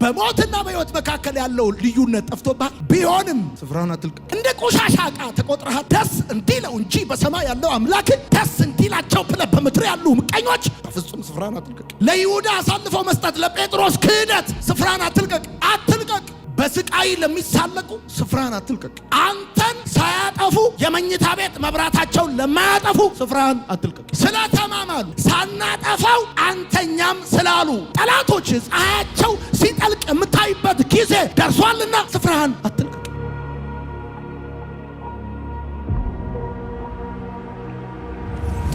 በሞትና በህይወት መካከል ያለው ልዩነት ጠፍቶባል ቢሆንም ስፍራውን አትልቀቅ። እንደ ቆሻሻ ዕቃ ተቆጥረሃል። ደስ እንዲለው እንጂ በሰማይ ያለው አምላክ ደስ እንዲላቸው ብለህ በምድር ያሉ ምቀኞች በፍጹም ስፍራን አትልቀቅ። ለይሁዳ አሳልፈው መስጠት፣ ለጴጥሮስ ክህደት ስፍራን አትልቀቅ፣ አትልቀቅ። በስቃይ ለሚሳለቁ ስፍራህን አትልቀቅ። አንተን ሳያጠፉ የመኝታ ቤት መብራታቸውን ለማያጠፉ ስፍራህን አትልቀቅ። ስለተማማሉ ሳናጠፋው አንተኛም ስላሉ ጠላቶች ፀሐያቸው ሲጠልቅ የምታይበት ጊዜ ደርሷልና ስፍራህን አትልቀቅ።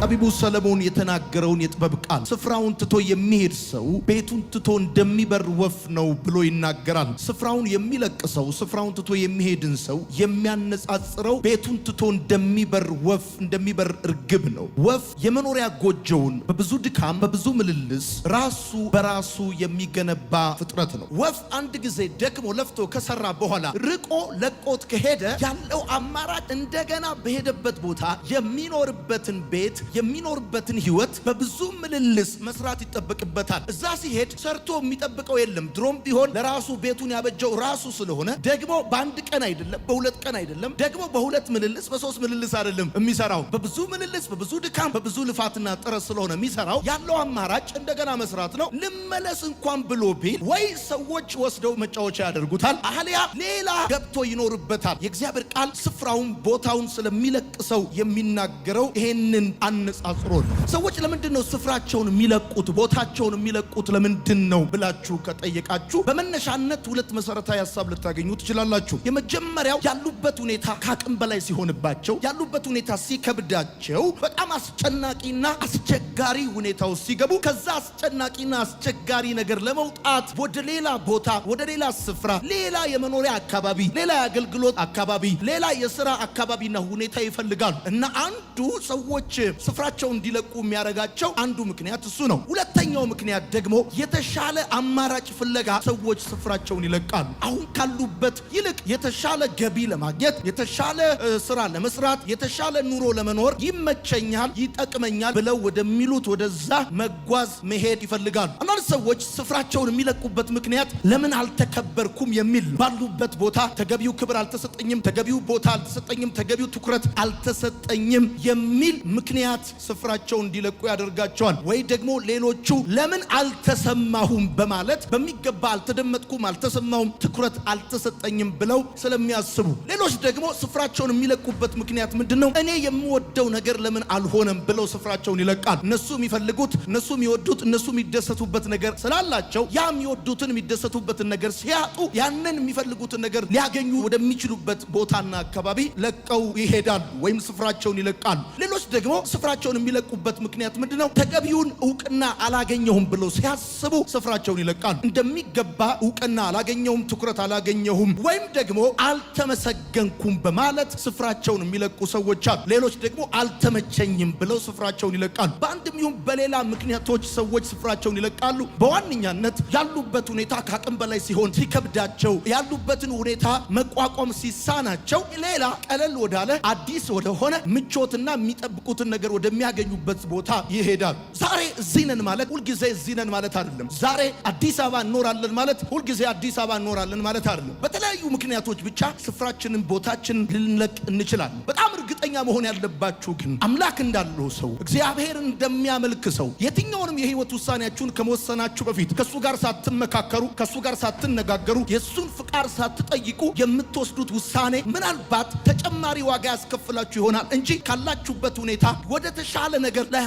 ጠቢቡ ሰለሞን የተናገረውን የጥበብ ቃል ስፍራውን ትቶ የሚሄድ ሰው ቤቱን ትቶ እንደሚበር ወፍ ነው ብሎ ይናገራል። ስፍራውን የሚለቅ ሰው ስፍራውን ትቶ የሚሄድን ሰው የሚያነጻጽረው ቤቱን ትቶ እንደሚበር ወፍ እንደሚበር እርግብ ነው። ወፍ የመኖሪያ ጎጆውን በብዙ ድካም በብዙ ምልልስ ራሱ በራሱ የሚገነባ ፍጥረት ነው። ወፍ አንድ ጊዜ ደክሞ ለፍቶ ከሰራ በኋላ ርቆ ለቆት ከሄደ ያለው አማራጭ እንደገና በሄደበት ቦታ የሚኖርበትን ቤት የሚኖርበትን ህይወት በብዙ ምልልስ መስራት ይጠበቅበታል። እዛ ሲሄድ ሰርቶ የሚጠብቀው የለም። ድሮም ቢሆን ለራሱ ቤቱን ያበጀው ራሱ ስለሆነ ደግሞ በአንድ ቀን አይደለም፣ በሁለት ቀን አይደለም፣ ደግሞ በሁለት ምልልስ በሶስት ምልልስ አይደለም የሚሰራው በብዙ ምልልስ በብዙ ድካም በብዙ ልፋትና ጥረት ስለሆነ የሚሰራው ያለው አማራጭ እንደገና መስራት ነው። ልመለስ እንኳን ብሎ ቢል ወይ ሰዎች ወስደው መጫወቻ ያደርጉታል፣ አህልያ ሌላ ገብቶ ይኖርበታል። የእግዚአብሔር ቃል ስፍራውን ቦታውን ስለሚለቅ ሰው የሚናገረው ይሄንን አነጻጽሮ ነው። ሰዎች ለምንድን ነው ስፍራቸውን የሚለቁት ቦታቸውን የሚለቁት ለምንድን ነው ብላችሁ ከጠየቃችሁ በመነሻነት ሁለት መሰረታዊ ሀሳብ ልታገኙ ትችላላችሁ። የመጀመሪያው ያሉበት ሁኔታ ከአቅም በላይ ሲሆንባቸው፣ ያሉበት ሁኔታ ሲከብዳቸው፣ በጣም አስጨናቂና አስቸጋሪ ሁኔታ ውስጥ ሲገቡ ከዛ አስጨናቂና አስቸጋሪ ነገር ለመውጣት ወደ ሌላ ቦታ ወደ ሌላ ስፍራ ሌላ የመኖሪያ አካባቢ ሌላ የአገልግሎት አካባቢ ሌላ የስራ አካባቢና ሁኔታ ይፈልጋሉ እና አንዱ ሰዎች ስፍራቸው እንዲለቁ የሚያደርጋቸው አንዱ ምክንያት እሱ ነው። ሁለተኛው ምክንያት ደግሞ የተሻለ አማራጭ ፍለጋ ሰዎች ስፍራቸውን ይለቃሉ። አሁን ካሉበት ይልቅ የተሻለ ገቢ ለማግኘት፣ የተሻለ ስራ ለመስራት፣ የተሻለ ኑሮ ለመኖር ይመቸኛል፣ ይጠቅመኛል ብለው ወደሚሉት ወደዛ መጓዝ መሄድ ይፈልጋሉ። አንዳንድ ሰዎች ስፍራቸውን የሚለቁበት ምክንያት ለምን አልተከበርኩም የሚል ባሉበት ቦታ ተገቢው ክብር አልተሰጠኝም፣ ተገቢው ቦታ አልተሰጠኝም፣ ተገቢው ትኩረት አልተሰጠኝም የሚል ምክንያት ምክንያት ስፍራቸው እንዲለቁ ያደርጋቸዋል። ወይ ደግሞ ሌሎቹ ለምን አልተሰማሁም በማለት በሚገባ አልተደመጥኩም፣ አልተሰማሁም፣ ትኩረት አልተሰጠኝም ብለው ስለሚያስቡ፣ ሌሎች ደግሞ ስፍራቸውን የሚለቁበት ምክንያት ምንድን ነው? እኔ የምወደው ነገር ለምን አልሆነም ብለው ስፍራቸውን ይለቃል። እነሱ የሚፈልጉት እነሱ የሚወዱት እነሱ የሚደሰቱበት ነገር ስላላቸው ያ የሚወዱትን የሚደሰቱበትን ነገር ሲያጡ ያንን የሚፈልጉትን ነገር ሊያገኙ ወደሚችሉበት ቦታና አካባቢ ለቀው ይሄዳሉ ወይም ስፍራቸውን ይለቃሉ። ሌሎች ደግሞ ስፍራቸውን የሚለቁበት ምክንያት ምንድን ነው? ተገቢውን እውቅና አላገኘሁም ብለው ሲያስቡ ስፍራቸውን ይለቃሉ። እንደሚገባ እውቅና አላገኘሁም፣ ትኩረት አላገኘሁም፣ ወይም ደግሞ አልተመሰገንኩም በማለት ስፍራቸውን የሚለቁ ሰዎች አሉ። ሌሎች ደግሞ አልተመቸኝም ብለው ስፍራቸውን ይለቃሉ። በአንድም ይሁን በሌላ ምክንያቶች ሰዎች ስፍራቸውን ይለቃሉ። በዋነኛነት ያሉበት ሁኔታ ከአቅም በላይ ሲሆን ሲከብዳቸው ያሉበትን ሁኔታ መቋቋም ሲሳናቸው ሌላ ቀለል ወዳለ አዲስ ወደሆነ ምቾትና የሚጠብቁትን ነገር ወደሚያገኙበት ቦታ ይሄዳል። ዛሬ እዚህ ነን ማለት ሁልጊዜ እዚህ ነን ማለት አይደለም። ዛሬ አዲስ አበባ እንኖራለን ማለት ሁልጊዜ አዲስ አበባ እንኖራለን ማለት አይደለም። በተለያዩ ምክንያቶች ብቻ ስፍራችንን፣ ቦታችንን ልንለቅ እንችላለን። በጣም እርግጠኛ መሆን ያለባችሁ ግን አምላክ እንዳለው ሰው፣ እግዚአብሔር እንደሚያመልክ ሰው የትኛውንም የህይወት ውሳኔያችሁን ከመወሰናችሁ በፊት ከእሱ ጋር ሳትመካከሩ፣ ከእሱ ጋር ሳትነጋገሩ፣ የእሱን ፍቃድ ሳትጠይቁ የምትወስዱት ውሳኔ ምናልባት ተጨማሪ ዋጋ ያስከፍላችሁ ይሆናል እንጂ ካላችሁበት ሁኔታ ወደ ወደ ተሻለ ነገር ላይ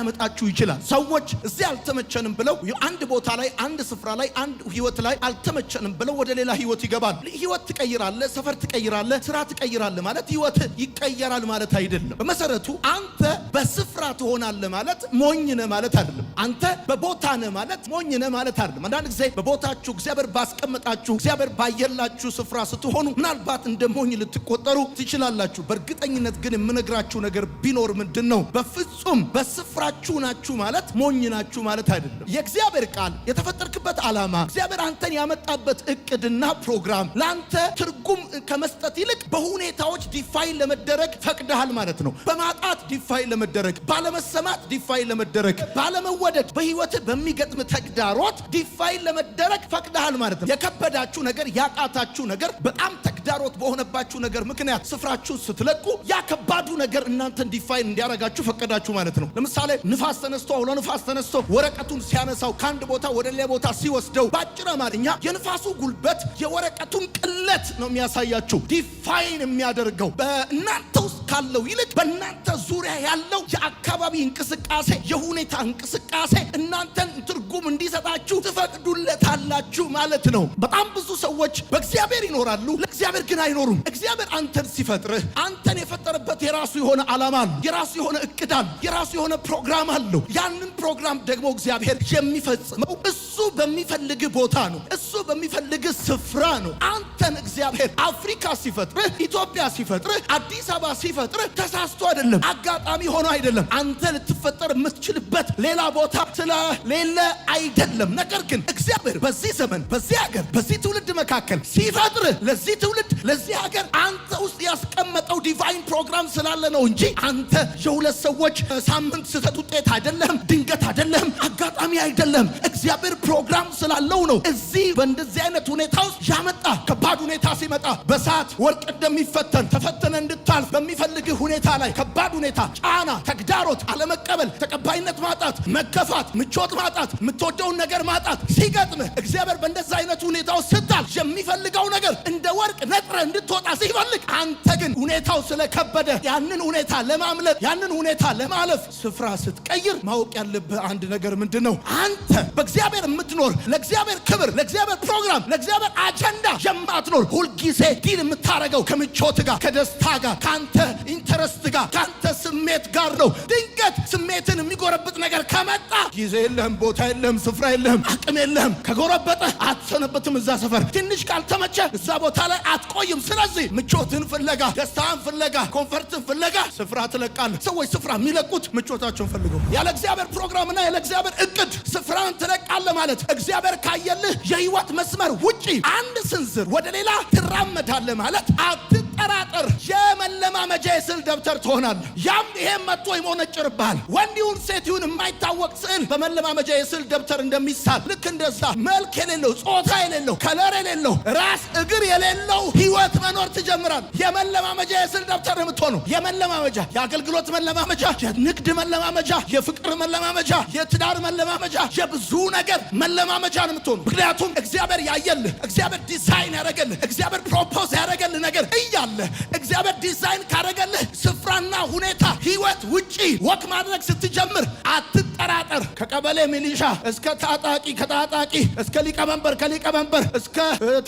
ይችላል። ሰዎች እዚህ አልተመቸንም ብለው አንድ ቦታ ላይ አንድ ስፍራ ላይ አንድ ህይወት ላይ አልተመቸንም ብለው ወደ ሌላ ህይወት ይገባል። ህይወት ትቀይራለ፣ ሰፈር ትቀይራለ፣ ስራ ትቀይራለ ማለት ህይወት ይቀየራል ማለት አይደለም። በመሰረቱ አንተ በስፍራ ትሆናለ ማለት ሞኝ ነ ማለት አይደለም። አንተ በቦታ ነ ማለት ሞኝ ነ ማለት አይደለም። አንዳንድ ጊዜ በቦታችሁ እግዚአብሔር ባስቀመጣችሁ እግዚአብሔር ባየላችሁ ስፍራ ስትሆኑ ምናልባት እንደ ሞኝ ልትቆጠሩ ትችላላችሁ። በእርግጠኝነት ግን የምነግራችሁ ነገር ቢኖር ምንድን ነው በፍ ፍጹም በስፍራችሁ ናችሁ ማለት ሞኝ ናችሁ ማለት አይደለም። የእግዚአብሔር ቃል የተፈጠርክበት ዓላማ እግዚአብሔር አንተን ያመጣበት እቅድና ፕሮግራም ለአንተ ትርጉም ከመስጠት ይልቅ በሁኔታዎች ዲፋይን ለመደረግ ፈቅደሃል ማለት ነው። በማጣት ዲፋይን ለመደረግ፣ ባለመሰማት ዲፋይን ለመደረግ፣ ባለመወደድ፣ በህይወት በሚገጥም ተግዳሮት ዲፋይን ለመደረግ ፈቅደሃል ማለት ነው። የከበዳችሁ ነገር፣ ያቃታችሁ ነገር፣ በጣም ተግዳሮት በሆነባችሁ ነገር ምክንያት ስፍራችሁ ስትለቁ ያ ከባዱ ነገር እናንተን ዲፋይን እንዲያረጋችሁ ፈቀዳ ታውቃላችሁ ማለት ነው። ለምሳሌ ንፋስ ተነስቶ አውሎ ንፋስ ተነስቶ ወረቀቱን ሲያነሳው ከአንድ ቦታ ወደ ሌላ ቦታ ሲወስደው በአጭር አማርኛ የንፋሱ ጉልበት የወረቀቱን ቅለት ነው የሚያሳያችሁ ዲፋይን የሚያደርገው በእናንተ ውስጥ ካለው ይልቅ በእናንተ ዙሪያ ያለው የአካባቢ እንቅስቃሴ፣ የሁኔታ እንቅስቃሴ እናንተን ትርጉም እንዲሰጣችሁ ትፈቅዱለታላችሁ ማለት ነው። በጣም ብዙ ሰዎች በእግዚአብሔር ይኖራሉ፣ ለእግዚአብሔር ግን አይኖሩም። እግዚአብሔር አንተን ሲፈጥርህ አንተን የፈጠረበት የራሱ የሆነ ዓላማ አለ፣ የራሱ የሆነ እቅድ አለ፣ የራሱ የሆነ ፕሮግራም አለው። ያንን ፕሮግራም ደግሞ እግዚአብሔር የሚፈጽመው እሱ በሚፈልግህ ቦታ ነው፣ እሱ በሚፈልግህ ስፍራ ነው። አንተን እግዚአብሔር አፍሪካ ሲፈጥርህ፣ ኢትዮጵያ ሲፈጥርህ፣ አዲስ አበባ ሲፈጥር ተሳስቶ አይደለም፣ አጋጣሚ ሆኖ አይደለም፣ አንተ ልትፈጠር የምትችልበት ሌላ ቦታ ስለሌለ አይደለም። ነገር ግን እግዚአብሔር በዚህ ዘመን፣ በዚህ ሀገር፣ በዚህ ትውልድ መካከል ሲፈጥር ለዚህ ትውልድ ለዚህ ሀገር አንተ ውስጥ ያስቀመጠው ዲቫይን ፕሮግራም ስላለ ነው እንጂ አንተ የሁለት ሰዎች ሳምንት ስህተት ውጤት አይደለም፣ ድንገት አይደለም፣ አጋጣሚ አይደለም። እግዚአብሔር ፕሮግራም ስላለው ነው እዚህ በእንደዚህ አይነት ሁኔታ ውስጥ ያመጣ። ከባድ ሁኔታ ሲመጣ በሰዓት ወርቅ እንደሚፈተን ተፈተነ እንድታልፍ በሚፈልግህ ሁኔታ ላይ ከባድ ሁኔታ፣ ጫና፣ ተግዳሮት፣ አለመቀበል፣ ተቀባይነት ማጣት፣ መከፋት፣ ምቾት ማጣት፣ የምትወደውን ነገር ማጣት ሲገጥምህ እግዚአብሔር በእንደዛ አይነት ሁኔታ ውስጥ ስታል የሚፈልገው ነገር ወርቅ ነጥረ እንድትወጣ ሲፈልግ፣ አንተ ግን ሁኔታው ስለከበደ ያንን ሁኔታ ለማምለጥ ያንን ሁኔታ ለማለፍ ስፍራ ስትቀይር ማወቅ ያለብህ አንድ ነገር ምንድን ነው? አንተ በእግዚአብሔር የምትኖር ለእግዚአብሔር ክብር፣ ለእግዚአብሔር ፕሮግራም፣ ለእግዚአብሔር አጀንዳ የማትኖር ሁልጊዜ ዲል የምታደርገው ከምቾት ጋር፣ ከደስታ ጋር፣ ከአንተ ኢንተረስት ጋር፣ ከአንተ ስሜት ጋር ነው። ድንገት ስሜትን የሚጎረብጥ ነገር ከመጣ ጊዜ የለህም፣ ቦታ የለህም፣ ስፍራ የለህም፣ አቅም የለህም። ከጎረበጠ አትሰነበትም። እዛ ሰፈር ትንሽ ካልተመቸ እዛ ቦታ ላይ አትቆይም። ስለዚህ ምቾትን ፍለጋ፣ ደስታን ፍለጋ፣ ኮንፈርትን ፍለጋ ስፍራ ትለቃለህ። ሰዎች ስፍራ የሚለቁት ምቾታቸውን ፈልገው ያለ እግዚአብሔር ፕሮግራምና ያለ እግዚአብሔር እቅድ ስፍራን ትለቅ ትሄዳለህ ማለት እግዚአብሔር ካየልህ የህይወት መስመር ውጪ አንድ ስንዝር ወደ ሌላ ትራመዳለህ ማለት አትጠራጠር። የመለማመጃ የስዕል ደብተር ትሆናለህ። ያም ይሄም መጥቶ ይሞነጭርብሃል። ወንድ ይሁን ሴት ይሁን የማይታወቅ ስዕል በመለማመጃ የስዕል ደብተር እንደሚሳል ልክ እንደዛ መልክ የሌለው ጾታ የሌለው ከለር የሌለው ራስ እግር የሌለው ህይወት መኖር ትጀምራል። የመለማመጃ የስዕል ደብተር የምትሆነው የመለማመጃ የአገልግሎት መለማመጃ፣ የንግድ መለማመጃ፣ የፍቅር መለማመጃ፣ የትዳር መለማመጃ፣ የብዙ ነገር ነገር መለማመጃ ነው የምትሆኑ። ምክንያቱም እግዚአብሔር ያየልህ፣ እግዚአብሔር ዲዛይን ያደረገልህ፣ እግዚአብሔር ፕሮፖዝ ያደረገልህ ነገር እያለ እግዚአብሔር ዲዛይን ካደረገልህ ስፍራና ሁኔታ ህይወት ውጪ ወክ ማድረግ ስትጀምር አትጠራጠር። ከቀበሌ ሚሊሻ እስከ ታጣቂ፣ ከታጣቂ እስከ ሊቀመንበር፣ ከሊቀመንበር እስከ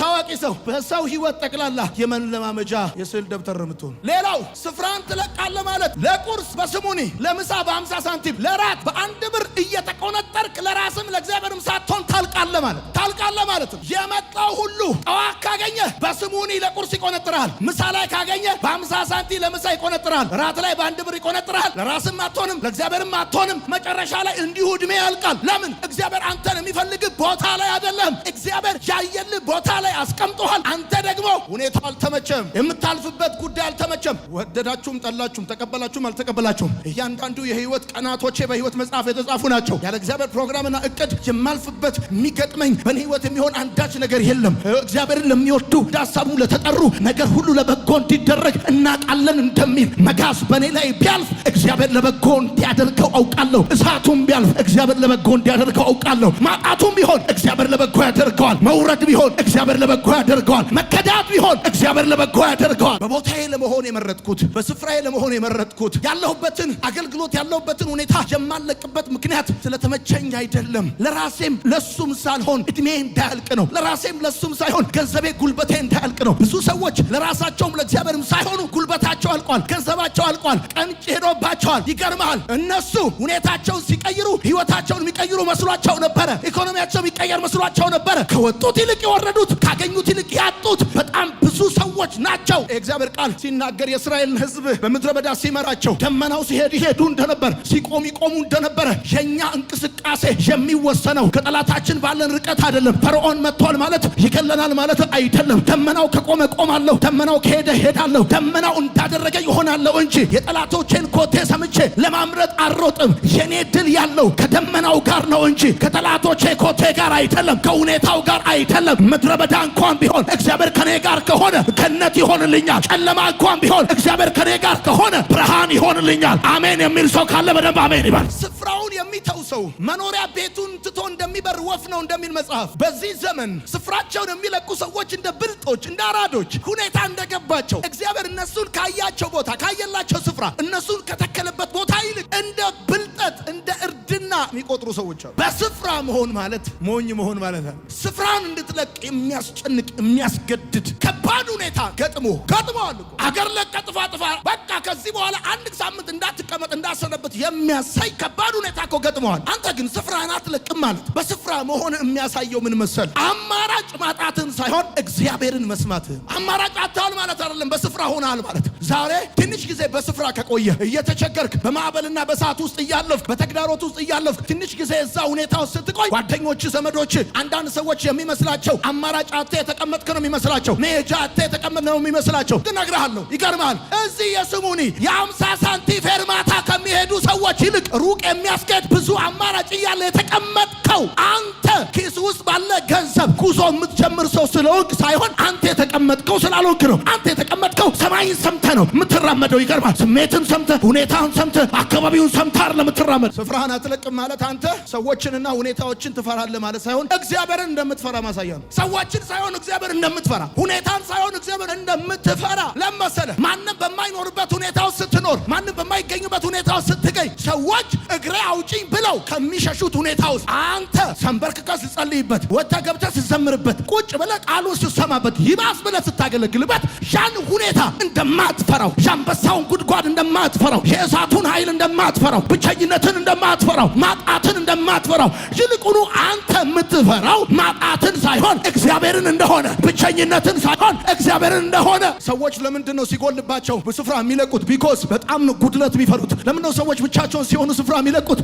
ታዋቂ ሰው በሰው ህይወት ጠቅላላ የመለማመጃ የስዕል ደብተር ነው የምትሆኑ። ሌላው ስፍራን ትለቃለህ ማለት ለቁርስ በስሙኒ ለምሳ በአምሳ ሳንቲም ለራት በአንድ ብር እየተቆነጠርክ ለራስም ለእግዚአብሔር ወንበርም ሳትሆን ታልቃለ ማለት ታልቃለ ማለት ነው። የመጣው ሁሉ ጠዋት ካገኘ በስሙኒ ለቁርስ ይቆነጥራል። ምሳ ላይ ካገኘ በአምሳ ሳንቲ ለምሳ ይቆነጥራል። ራት ላይ በአንድ ብር ይቆነጥራል። ለራስም አትሆንም፣ ለእግዚአብሔርም አትሆንም። መጨረሻ ላይ እንዲሁ እድሜ ያልቃል። ለምን? እግዚአብሔር አንተን የሚፈልግ ቦታ ላይ አይደለም። እግዚአብሔር ያየልህ ቦታ ላይ አስቀምጦሃል። አንተ ደግሞ ሁኔታ አልተመቸም። የምታልፍበት ጉዳይ አልተመቸም። ወደዳችሁም ጠላችሁም ተቀበላችሁም አልተቀበላችሁም እያንዳንዱ የህይወት ቀናቶቼ በህይወት መጽሐፍ የተጻፉ ናቸው። ያለ እግዚአብሔር ፕሮግራምና እቅድ የማልፍበት የሚገጥመኝ በእኔ ህይወት የሚሆን አንዳች ነገር የለም። እግዚአብሔርን ለሚወዱ ዳሳቡ ለተጠሩ ነገር ሁሉ ለበጎ እንዲደረግ እናውቃለን እንደሚል መጋዝ በእኔ ላይ ቢያልፍ እግዚአብሔር ለበጎ እንዲያደርገው አውቃለሁ። እሳቱም ቢያልፍ እግዚአብሔር ለበጎ እንዲያደርገው አውቃለሁ። ማጣቱም ቢሆን እግዚአብሔር ለበጎ ያደርገዋል። መውረድ ቢሆን እግዚአብሔር ለበጎ ያደርገዋል። መከዳት ቢሆን እግዚአብሔር ለበጎ ያደርገዋል። በቦታዬ ለመሆን የመረጥኩት በስፍራዬ ለመሆን የመረጥኩት ያለሁበትን አገልግሎት ያለሁበትን ሁኔታ የማለቅበት ምክንያት ስለተመቸኝ አይደለም። ለራሴም ለሱም ሳልሆን እድሜ እንዳያልቅ ነው። ለራሴም ለሱም ሳይሆን ገንዘቤ ጉልበቴ እንዳያልቅ ነው። ብዙ ሰዎች ለራሳቸውም ለእግዚአብሔርም ሳይሆኑ ጉልበታቸው አልቋል፣ ገንዘባቸው አልቋል፣ ቀን ሄዶባቸዋል። ይገርመሃል፣ እነሱ ሁኔታቸውን ሲቀይሩ ህይወታቸውን የሚቀይሩ መስሏቸው ነበረ። ኢኮኖሚያቸው የሚቀየር መስሏቸው ነበረ። ከወጡት ይልቅ የወረዱት፣ ካገኙት ይልቅ ያጡት በጣም ብዙ ሰዎች ሰዎች ናቸው። የእግዚአብሔር ቃል ሲናገር የእስራኤልን ሕዝብ በምድረ በዳ ሲመራቸው ደመናው ሲሄድ ይሄዱ እንደነበር፣ ሲቆም ይቆሙ እንደነበረ የእኛ እንቅስቃሴ የሚወሰነው ከጠላታችን ባለን ርቀት አይደለም። ፈርዖን መጥቷል ማለት ይገለናል ማለት አይደለም። ደመናው ከቆመ ቆማለሁ፣ ደመናው ከሄደ ሄዳለሁ፣ ደመናው እንዳደረገ ይሆናለሁ እንጂ የጠላቶቼን ኮቴ ለማምረጥ አልሮጥም። የኔ ድል ያለው ከደመናው ጋር ነው እንጂ ከተላቶቼ ኮቴ ጋር አይደለም፣ ከሁኔታው ጋር አይደለም። ምድረ በዳ እንኳን ቢሆን እግዚአብሔር ከኔ ጋር ከሆነ ገነት ይሆንልኛል። ጨለማ እንኳን ቢሆን እግዚአብሔር ከኔ ጋር ከሆነ ብርሃን ይሆንልኛል። አሜን የሚል ሰው ካለ በደንብ አሜን ይበል። ስፍራውን የሚተው ሰው መኖሪያ ቤቱን ትቶ እንደሚበር ወፍ ነው እንደሚል መጽሐፍ። በዚህ ዘመን ስፍራቸውን የሚለቁ ሰዎች እንደ ብልጦች፣ እንደ አራዶች ሁኔታ እንደገባቸው እግዚአብሔር እነሱን ካያቸው ቦታ ካየላቸው ስፍራ እነሱን ከተከለበት እንደ የሚቆጥሩ ሰዎች አሉ። በስፍራ መሆን ማለት ሞኝ መሆን ማለት ነው። ስፍራን እንድትለቅ የሚያስጨንቅ የሚያስገድድ ከባድ ሁኔታ ገጥሞ ገጥሞ አለ። አገር ለቀ ጥፋ ጥፋ በቃ ከዚህ በኋላ አንድ ሳምንት እንዳትቀመጥ እንዳሰነበት የሚያሳይ ከባድ ሁኔታ እኮ ገጥመዋል። አንተ ግን ስፍራን አትለቅም ማለት በስፍራ መሆን የሚያሳየው ምን መሰል አማራጭ ማጣትን ሳይሆን እግዚአብሔርን መስማት አማራጭ አታል ማለት አይደለም። በስፍራ ሆናል ማለት ዛሬ ትንሽ ጊዜ በስፍራ ከቆየ እየተቸገርክ በማዕበልና በሰዓት ውስጥ እያለፍክ በተግዳሮት ውስጥ እያለፍክ ትንሽ ጊዜ እዛ ሁኔታ ውስጥ ስትቆይ ጓደኞች፣ ዘመዶች፣ አንዳንድ ሰዎች የሚመስላቸው አማራጭ አተ የተቀመጥክ ነው የሚመስላቸው መሄጃ አተ የተቀመጥ ነው የሚመስላቸው። ግን እነግርሃለሁ፣ ይገርምሃል። እዚህ የስሙኒ የአምሳ ሳንቲ ፌርማታ ከሚሄዱ ሰዎች ይልቅ ሩቅ የሚያስኬድ ብዙ አማራጭ እያለ የተቀመጥ ያልከው አንተ ኪስ ውስጥ ባለ ገንዘብ ጉዞ የምትጀምር ሰው ስለወግ ሳይሆን አንተ የተቀመጥከው ስላልወግ ነው። አንተ የተቀመጥከው ሰማይን ሰምተ ነው የምትራመደው። ይገርማል። ስሜትን ሰምተ፣ ሁኔታን ሰምተ፣ አካባቢውን ሰምተ አይደለም የምትራመድ። ስፍራህን አትለቅም ማለት አንተ ሰዎችንና ሁኔታዎችን ትፈራለህ ማለት ሳይሆን እግዚአብሔርን እንደምትፈራ ማሳያ ነው። ሰዎችን ሳይሆን እግዚአብሔር እንደምትፈራ፣ ሁኔታን ሳይሆን እግዚአብሔር እንደምትፈራ ለመሰለ ማንም በማይኖርበት ሁኔታ ውስጥ ስትኖር፣ ማንም በማይገኝበት ሁኔታ ውስጥ ስትገኝ ሰዎች እግሬ አውጪኝ ብለው ከሚሸሹት ሁኔታ ውስጥ አንተ ሰንበርክከ ስጸልይበት፣ ወጥተህ ገብተህ ስዘምርበት፣ ቁጭ ብለህ ቃሉ ስሰማበት፣ ይባስ ብለህ ስታገለግልበት ያን ሁኔታ እንደማትፈራው፣ ሻንበሳውን ጉድጓድ እንደማትፈራው፣ የእሳቱን ኃይል እንደማትፈራው፣ ብቸኝነትን እንደማትፈራው፣ ማጣትን እንደማትፈራው ይልቁኑ አንተ የምትፈራው ማጣትን ሳይሆን እግዚአብሔርን እንደሆነ ብቸኝነትን ሳይሆን እግዚአብሔርን እንደሆነ። ሰዎች ለምንድን ነው ሲጎልባቸው ስፍራ የሚለቁት? ቢኮዝ በጣም ነው ጉድለት የሚፈሩት። ለምንድን ነው ሰዎች ብቻቸውን ሲሆኑ ስፍራ የሚለቁት?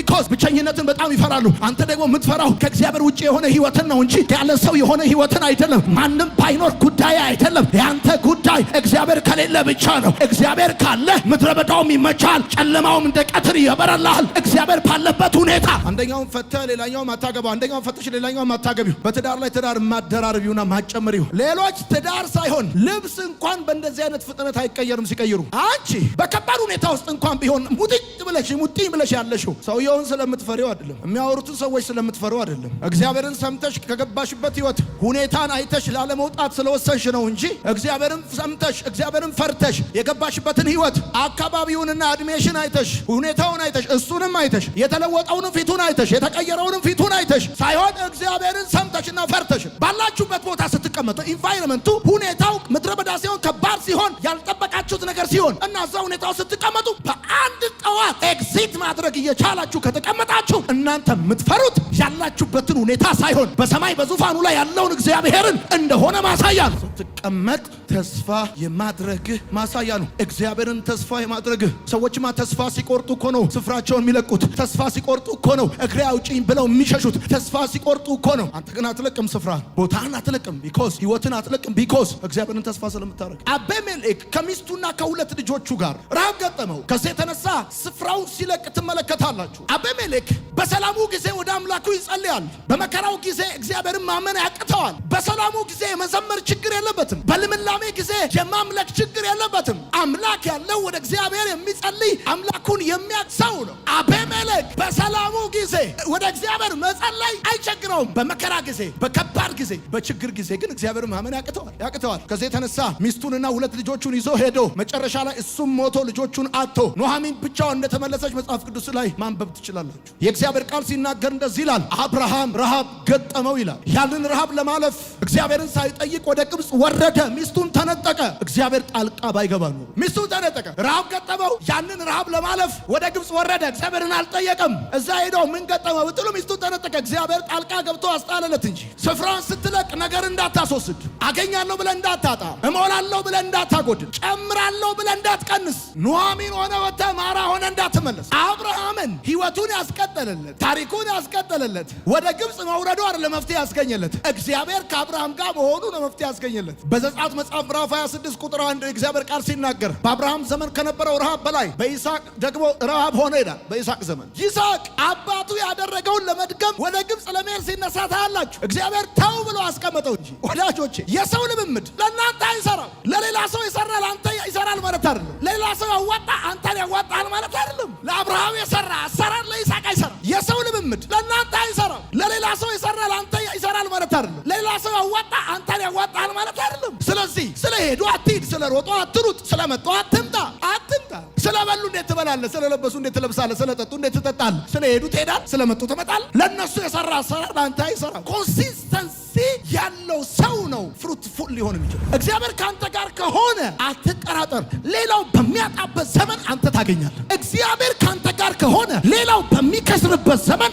ቢኮዝ ብቸኝነትን በጣም ይፈራሉ። አንተ ደግሞ የምትፈራው ከእግዚአብሔር ውጭ የሆነ ህይወትን ነው እንጂ ያለ ሰው የሆነ ህይወትን አይደለም። ማንም ባይኖር ጉዳይ አይደለም። የአንተ ጉዳይ እግዚአብሔር ከሌለ ብቻ ነው። እግዚአብሔር ካለ ምድረ በዳውም ይመቻል፣ ጨለማውም እንደ ቀትር ይበረላል። እግዚአብሔር ባለበት ሁኔታ አንደኛው ፈተህ ሌላኛውም አታገባ፣ አንደኛውን ፈተሽ ሌላኛውም አታገቢው። በትዳር ላይ ትዳር ማደራርቢውና ማጨምሪው ሌሎች ትዳር ሳይሆን ልብስ እንኳን በእንደዚህ አይነት ፍጥነት አይቀየርም። ሲቀይሩ አንቺ በከባድ ሁኔታ ውስጥ እንኳን ቢሆን ሙጥኝ ብለሽ ሙጥኝ ብለሽ ያለሽው ሰውየውን ስለምትፈሪው አይደለም የሚያወሩትን ሰው ሰዎች ስለምትፈሩ አይደለም። እግዚአብሔርን ሰምተሽ ከገባሽበት ህይወት ሁኔታን አይተሽ ላለመውጣት ስለወሰንሽ ነው እንጂ እግዚአብሔርን ሰምተሽ እግዚአብሔርን ፈርተሽ የገባሽበትን ህይወት አካባቢውንና እድሜሽን አይተሽ ሁኔታውን አይተሽ እሱንም አይተሽ የተለወጠውንም ፊቱን አይተሽ የተቀየረውንም ፊቱን አይተሽ ሳይሆን እግዚአብሔርን ሰምተሽና ፈርተሽ ባላችሁበት ቦታ ስትቀመጡ ኢንቫይሮመንቱ ሁኔታው ምድረ በዳ ሲሆን ከባድ ሲሆን ያልጠበቃችሁት ነገር ሲሆን እና እዛ ሁኔታው ስትቀመጡ በአንድ ጠዋት ኤግዚት ማድረግ እየቻላችሁ ከተቀመጣችሁ እናንተ የምትፈሩት ያላችሁበትን ሁኔታ ሳይሆን በሰማይ በዙፋኑ ላይ ያለውን እግዚአብሔርን እንደሆነ ማሳያ ነው። ስትቀመጥ ተስፋ የማድረግህ ማሳያ ነው። እግዚአብሔርን ተስፋ የማድረግህ ሰዎችማ ተስፋ ሲቆርጡ እኮ ነው ስፍራቸውን የሚለቁት። ተስፋ ሲቆርጡ እኮ ነው እግሬ አውጪኝ ብለው የሚሸሹት። ተስፋ ሲቆርጡ እኮ ነው። አንተ ግን አትለቅም፣ ስፍራ ቦታን አትለቅም፣ ቢኮስ ህይወትን አትለቅም፣ ቢኮስ እግዚአብሔርን ተስፋ ስለምታደረግ። አቤሜሌክ ከሚስቱና ከሁለት ልጆቹ ጋር ረሃብ ገጠመው። ከዚህ የተነሳ ስፍራውን ሲለቅ ትመለከታላችሁ። አቤሜሌክ በሰላሙ ጊዜ ወደ አምላኩ ይጸልያል። በመከራው ጊዜ እግዚአብሔርን ማመን ያቅተዋል። በሰላሙ ጊዜ የመዘመር ችግር የለበትም። በልምላሜ ጊዜ የማምለክ ችግር የለበትም። አምላክ ያለው ወደ እግዚአብሔር የሚጸልይ አምላኩን የሚያቅሰው ነው። አቤሜሌክ በሰላሙ ጊዜ ወደ እግዚአብሔር መጸለይ አይቸግረውም። በመከራ ጊዜ፣ በከባድ ጊዜ፣ በችግር ጊዜ ግን እግዚአብሔር ማመን ያቅተዋል ያቅተዋል። ከዚህ የተነሳ ሚስቱንና ሁለት ልጆቹን ይዞ ሄዶ መጨረሻ ላይ እሱም ሞቶ ልጆቹን አጥቶ ኑኃሚን ብቻ ብቻዋን እንደተመለሰች መጽሐፍ ቅዱስ ላይ ማንበብ ትችላላችሁ። የእግዚአብሔር ቃል ሲናገር እንደዚህ ይላል፣ አብርሃም ረሃብ ገጠመው ይላል። ያንን ረሃብ ለማለፍ እግዚአብሔርን ሳይጠይቅ ወደ ግብፅ ወረደ። ሚስቱን ተነጠቀ። እግዚአብሔር ጣልቃ ባይገባ ነው። ሚስቱን ተነጠቀ፣ ረሃብ ገጠመው። ያንን ረሃብ ለማለፍ ወደ ግብፅ ወረደ። እግዚአብሔርን አልጠየቀም። እዛ ሄዶ ምን ገጠመው ብትሉ ሚስቱን ተነጠቀ። እግዚአብሔር ጣልቃ ገብቶ አስጣለለት እንጂ ስፍራን ስትለቅ ነገር እንዳታስወስድ፣ አገኛለሁ ብለ እንዳታጣ፣ እሞላለሁ ብለ እንዳታጎድል፣ ጨምራለሁ ብለ እንዳትቀንስ ኑኃሚን ሆነ ወተ ማራ ሆነ እንዳትመለስ። አብርሃምን ህይወቱን ያስቀጠለለት ታሪኩን ያስቀጠለለት ወደ ግብፅ መውረዱ አይደለ መፍትሄ ያስገኘለት፣ እግዚአብሔር ከአብርሃም ጋር መሆኑ ነው መፍትሄ ያስገኘለት። በዘጸአት መጽሐፍ ምዕራፍ 26 ቁጥር አንድ እግዚአብሔር ቃል ሲናገር በአብርሃም ዘመን ከነበረው ረሃብ በላይ በይስሐቅ ደግሞ ረሃብ ሆነ ይላል። በይስሐቅ ዘመን ይስሐቅ አባቱ ያደረገውን ለመድገም ወደ ግብፅ ለመሄድ ሲነሳ ታያላችሁ። እግዚአብሔር ተው ብሎ አስቀመጠው እንጂ ወዳጆቼ፣ የሰው ልምምድ ለእናንተ አይሰራም። ለሌላ ሰው ይሰራል፣ አንተ ይሰራል ማለት አይደለም። ሌላ ሰው ያዋጣ አንተን ያዋጣል ማለት ማለት አይደለም። ለአብርሃም የሰራ አሰራር ለይስሐቅ አይሰራ። የሰው ልምምድ ለእናንተ አይሰራም። ለሌላ ሰው የሰራ ለአንተ ይሰራል ማለት አይደለም። ለሌላ ሰው ያዋጣ አንተን ያዋጣል ማለት አይደለም። ስለዚህ ስለ ሄዱ አትሂድ፣ ስለ ሮጦ አትሩጥ፣ ስለ መጣው አትምጣ ስለበሉ እንዴት ትበላለህ? ስለለበሱ እንዴት ትለብሳለህ? ስለጠጡ እንዴት ትጠጣለህ? ስለሄዱ ትሄዳለህ፣ ስለመጡ ትመጣለህ። ለእነሱ የሰራ አሰራር ለአንተ አይሰራም። ኮንሲስተንሲ ያለው ሰው ነው ፍሩትፉል ሊሆን የሚችለው። እግዚአብሔር ከአንተ ጋር ከሆነ አትጠራጠር፣ ሌላው በሚያጣበት ዘመን አንተ ታገኛለህ። እግዚአብሔር ከአንተ ጋር ከሆነ ሌላው በሚከስርበት ዘመን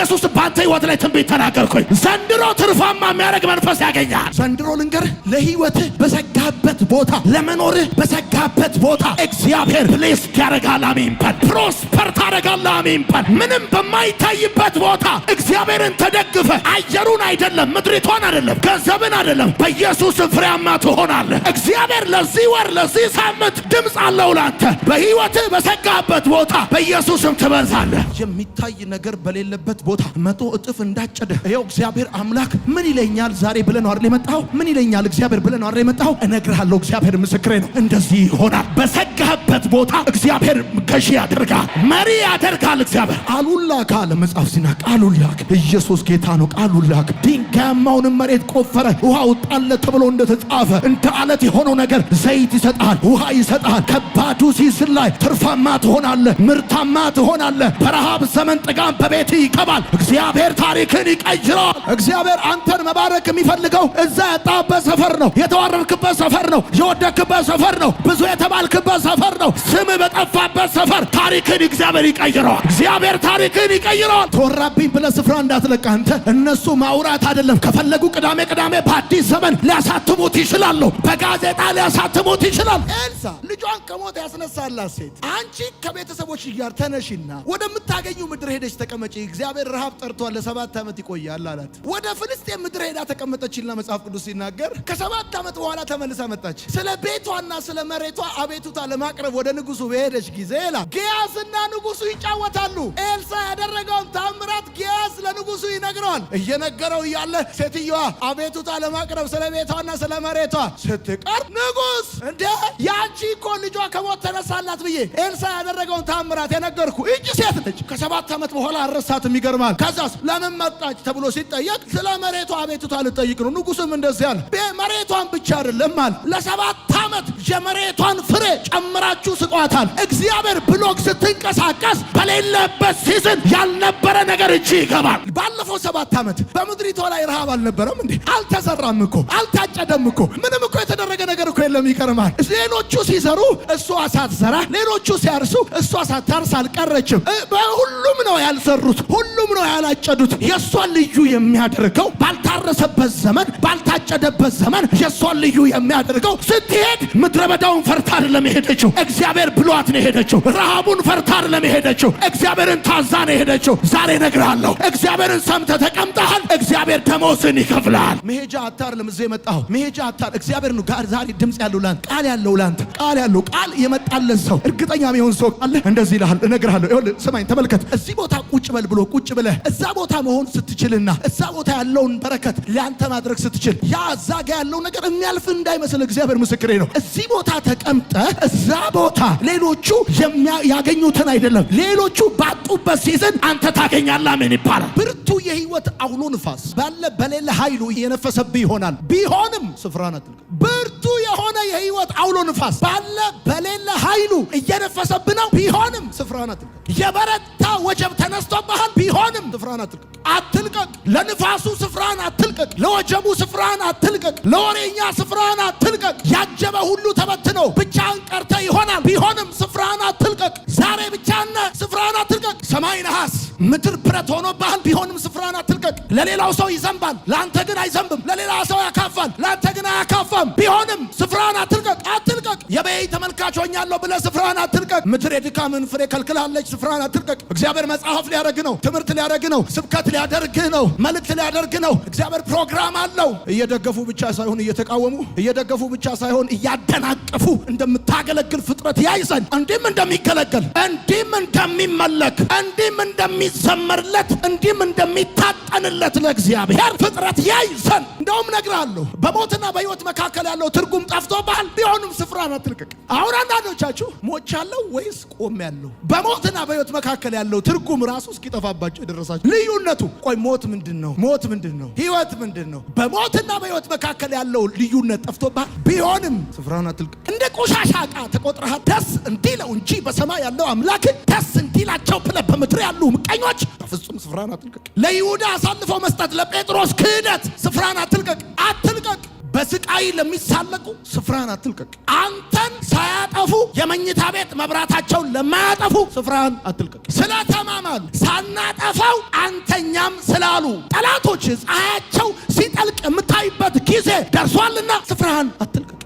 ኢየሱስ ባንተ ህይወት ላይ ትንቢት ተናገርኩኝ። ዘንድሮ ትርፋማ የሚያደርግ መንፈስ ያገኛል። ዘንድሮ ልንገርህ፣ ለህይወትህ በሰጋበት ቦታ፣ ለመኖርህ በሰጋበት ቦታ እግዚአብሔር ፕሌስ ያደርጋል። አሜን በል። ፕሮስፐር ታደርጋለህ። አሜን በል። ምንም በማይታይበት ቦታ እግዚአብሔርን ተደግፈ አየሩን አይደለም ምድሪቷን አይደለም ገንዘብን አይደለም በኢየሱስ ፍሬያማ ትሆናለህ። እግዚአብሔር ለዚህ ወር ለዚህ ሳምንት ድምፅ አለው ላንተ በህይወትህ በሰጋበት ቦታ በኢየሱስም ትበዛለህ። የሚታይ ነገር በሌለበት ቦታ መቶ እጥፍ እንዳጨደ ይኸው እግዚአብሔር አምላክ ምን ይለኛል ዛሬ ብለህ ነው አይደል የመጣኸው? ምን ይለኛል እግዚአብሔር ብለህ ነው አይደል የመጣኸው? እነግርሃለሁ፣ እግዚአብሔር ምስክሬ ነው። እንደዚህ ይሆናል። በሰጋህበት ቦታ እግዚአብሔር ገዢ ያደርጋል፣ መሪ ያደርጋል። እግዚአብሔር ቃሉን ላከ አለ መጽሐፍ ሲናገር፣ ቃሉን ኢየሱስ ጌታ ነው። ቃሉን ድንጋያማውንም መሬት ቆፈረ፣ ውሃ ወጣለት ተብሎ እንደተጻፈ እንደ አለት የሆነው ነገር ዘይት ይሰጣል፣ ውሃ ይሰጣል። ከባዱ ሲዝን ላይ ትርፋማ ትሆናለህ፣ ምርታማ ትሆናለህ። በረሃብ ዘመን ጥጋም በቤት ይገባል። ይቀይራል። እግዚአብሔር ታሪክን ይቀይራል። እግዚአብሔር አንተን መባረክ የሚፈልገው እዛ ያጣበት ሰፈር ነው፣ የተዋረድክበት ሰፈር ነው፣ የወደክበት ሰፈር ነው፣ ብዙ የተባልክበት ሰፈር ነው፣ ስም በጠፋበት ሰፈር ታሪክን እግዚአብሔር ይቀይረዋል። እግዚአብሔር ታሪክን ይቀይረዋል። ተወራብኝ ብለህ ስፍራ እንዳትለቃ አንተ እነሱ ማውራት አይደለም ከፈለጉ ቅዳሜ ቅዳሜ በአዲስ ዘመን ሊያሳትሙት ይችላሉ፣ በጋዜጣ ሊያሳትሙት ይችላል። ኤልሳ ልጇን ከሞት ያስነሳላት ሴት አንቺ ከቤተሰቦች ጋር ተነሺና ወደምታገኙ ምድር ሄደች ተቀመጪ እግዚአብሔር ረሃብ ጠርቷል። ለሰባት ዓመት ይቆያል አላት። ወደ ፍልስጤም ምድር ሄዳ ተቀመጠችልና መጽሐፍ ቅዱስ ሲናገር ከሰባት ዓመት በኋላ ተመልሳ መጣች። ስለ ቤቷና ስለ መሬቷ አቤቱታ ለማቅረብ ወደ ንጉሱ በሄደች ጊዜ ላ ጊያዝና ንጉሱ ይጫወታሉ። ኤልሳ ያደረገውን ታምራት ጊያዝ ለንጉሱ ይነግረዋል። እየነገረው እያለ ሴትየዋ አቤቱታ ለማቅረብ ስለ ቤቷና ስለ መሬቷ ስትቀርብ ንጉስ እንደ ያንቺ እኮ ልጇ ከሞት ተነሳላት ብዬ ኤልሳ ያደረገውን ታምራት የነገርኩ እጅ ሴት ነች። ከሰባት ዓመት በኋላ አረሳት የሚገ ይገርማል። ከዛስ ለምን መጣች ተብሎ ሲጠየቅ ስለ መሬቷ አቤቱታ ልጠይቅ ነው። ንጉስም እንደዚህ አለ፣ መሬቷን ብቻ አይደለም አለ፣ ለሰባት ዓመት የመሬቷን ፍሬ ጨምራችሁ ስቋታል። እግዚአብሔር ብሎክ ስትንቀሳቀስ በሌለበት ሲዝን ያልነበረ ነገር እጅ ይገባል። ባለፈው ሰባት ዓመት በምድሪቷ ላይ ረሃብ አልነበረም እንዴ? አልተዘራም እኮ አልታጨደም እኮ ምንም እኮ የተደረገ ነገር እኮ የለም። ይገርማል። ሌሎቹ ሲዘሩ እሷ ሳትዘራ፣ ሌሎቹ ሲያርሱ እሷ ሳታርስ አልቀረችም። በሁሉም ነው ያልዘሩት ሁሉ ሁሉም ነው ያላጨዱት። የእሷን ልዩ የሚያደርገው ባልታረሰበት ዘመን፣ ባልታጨደበት ዘመን የእሷን ልዩ የሚያደርገው ስትሄድ ምድረ በዳውን ፈርታ አይደለም የሄደችው፣ እግዚአብሔር ብሏት ነው የሄደችው። ረሃቡን ፈርታ አይደለም የሄደችው፣ እግዚአብሔርን ታዛ ነው የሄደችው። ዛሬ እነግርሃለሁ፣ እግዚአብሔርን ሰምተ ተቀምጠሃል፣ እግዚአብሔር ደመወዝን ይከፍልሃል። መሄጃ አታር ለምዜ የመጣሁ መሄጃ አታር እግዚአብሔር ነው ጋር ዛሬ ድምፅ ያለው ለአንተ ቃል ያለው ለአንተ ቃል ያለው ቃል የመጣለን ሰው እርግጠኛ የሚሆን ሰው አለ። እንደዚህ ይልሃል፣ እነግርሃለሁ። ስማኝ፣ ተመልከት። እዚህ ቦታ ቁጭ በል ብሎ ቁጭ ብለህ እዛ ቦታ መሆን ስትችልና እዛ ቦታ ያለውን በረከት ለአንተ ማድረግ ስትችል ያ እዛ ጋ ያለው ነገር የሚያልፍ እንዳይመስል እግዚአብሔር ምስክሬ ነው። እዚህ ቦታ ተቀምጠ እዛ ቦታ ሌሎቹ ያገኙትን አይደለም ሌሎቹ ባጡበት ሲዝን አንተ ታገኛለህ። ምን ይባላል? ብርቱ የህይወት አውሎ ንፋስ ባለ በሌለ ኃይሉ እየነፈሰብህ ይሆናል። ቢሆንም ስፍራን አትልቀቅ። የህይወት አውሎ ንፋስ ባለ በሌለ ኃይሉ እየነፈሰብህ ነው። ቢሆንም ስፍራህን አትልቀቅ። የበረታ ወጀብ ተነስቶብሃል። ቢሆንም ስፍራህን አትልቀቅ አትልቀቅ። ለንፋሱ ስፍራህን አትልቀቅ። ለወጀቡ ስፍራህን አትልቀቅ። ለወሬኛ ስፍራህን አትልቀቅ። ያጀበ ሁሉ ተበትኖ ብቻህን ቀርተ ይሆናል። ቢሆንም ስፍራህን አትልቀቅ። ዛሬ ብቻህን ስፍራህን አትልቀቅ። ሰማይ ነሐስ ምድር ብረት ሆኖብሃል። ቢሆንም ስፍራህን አትልቀቅ። ለሌላው ሰው ይዘንባል፣ ለአንተ ግን አይዘንብም። ለሌላ ሰው ያካፋል፣ ለአንተ ግን አያካፋም። ቢሆንም ስፍራ Y a ver ነይ ተመልካች ሆኛለሁ ብለህ ስፍራህን አትልቀቅ። ምድር የድካምን ፍሬ ከልክላለች። ስፍራህን አትልቀቅ። እግዚአብሔር መጽሐፍ ሊያደርግ ነው፣ ትምህርት ሊያደርግ ነው፣ ስብከት ሊያደርግ ነው፣ መልእክት ሊያደርግ ነው። እግዚአብሔር ፕሮግራም አለው። እየደገፉ ብቻ ሳይሆን እየተቃወሙ፣ እየደገፉ ብቻ ሳይሆን እያደናቀፉ እንደምታገለግል ፍጥረት ያይዘን እንዲህም እንደሚገለገል እንዲህም እንደሚመለክ እንዲህም እንደሚዘመርለት እንዲህም እንደሚታጠንለት ለእግዚአብሔር ፍጥረት ያይዘን። እንደውም ነግራለሁ በሞትና በህይወት መካከል ያለው ትርጉም ጠፍቶብሃል። ቢሆንም ስፍራን አትልቀቅ። ይጠብቅ። አሁን አንዳንዶቻችሁ ሞቻለሁ ወይስ ቆም ያለው በሞትና በህይወት መካከል ያለው ትርጉም ራሱ እስኪጠፋባቸው የደረሳችሁ ልዩነቱ። ቆይ ሞት ምንድን ነው? ሞት ምንድን ነው? ህይወት ምንድን ነው? በሞትና በህይወት መካከል ያለው ልዩነት ጠፍቶባል። ቢሆንም ስፍራውን አትልቅ፣ እንደ ቆሻሻ ዕቃ ተቆጥረሃል። ደስ እንዲለው እንጂ በሰማይ ያለው አምላክ ደስ እንዲላቸው ብለህ በምድር ያሉ ምቀኞች በፍጹም ስፍራን አትልቀቅ። ለይሁዳ አሳልፈው መስጠት ለጴጥሮስ ክህደት ስፍራን አትልቀቅ፣ አትልቀቅ በስቃይ ለሚሳለቁ ስፍራን አትልቀቅ። አንተን ሳያጠፉ የመኝታ ቤት መብራታቸውን ለማያጠፉ ስፍራን አትልቀቅ። ስለተማማሉ ሳናጠፋው አንተኛም ስላሉ ጠላቶች ፀሐያቸው ሲጠልቅ የምታይበት ጊዜ ደርሷልና ስፍራህን አትልቀቅ።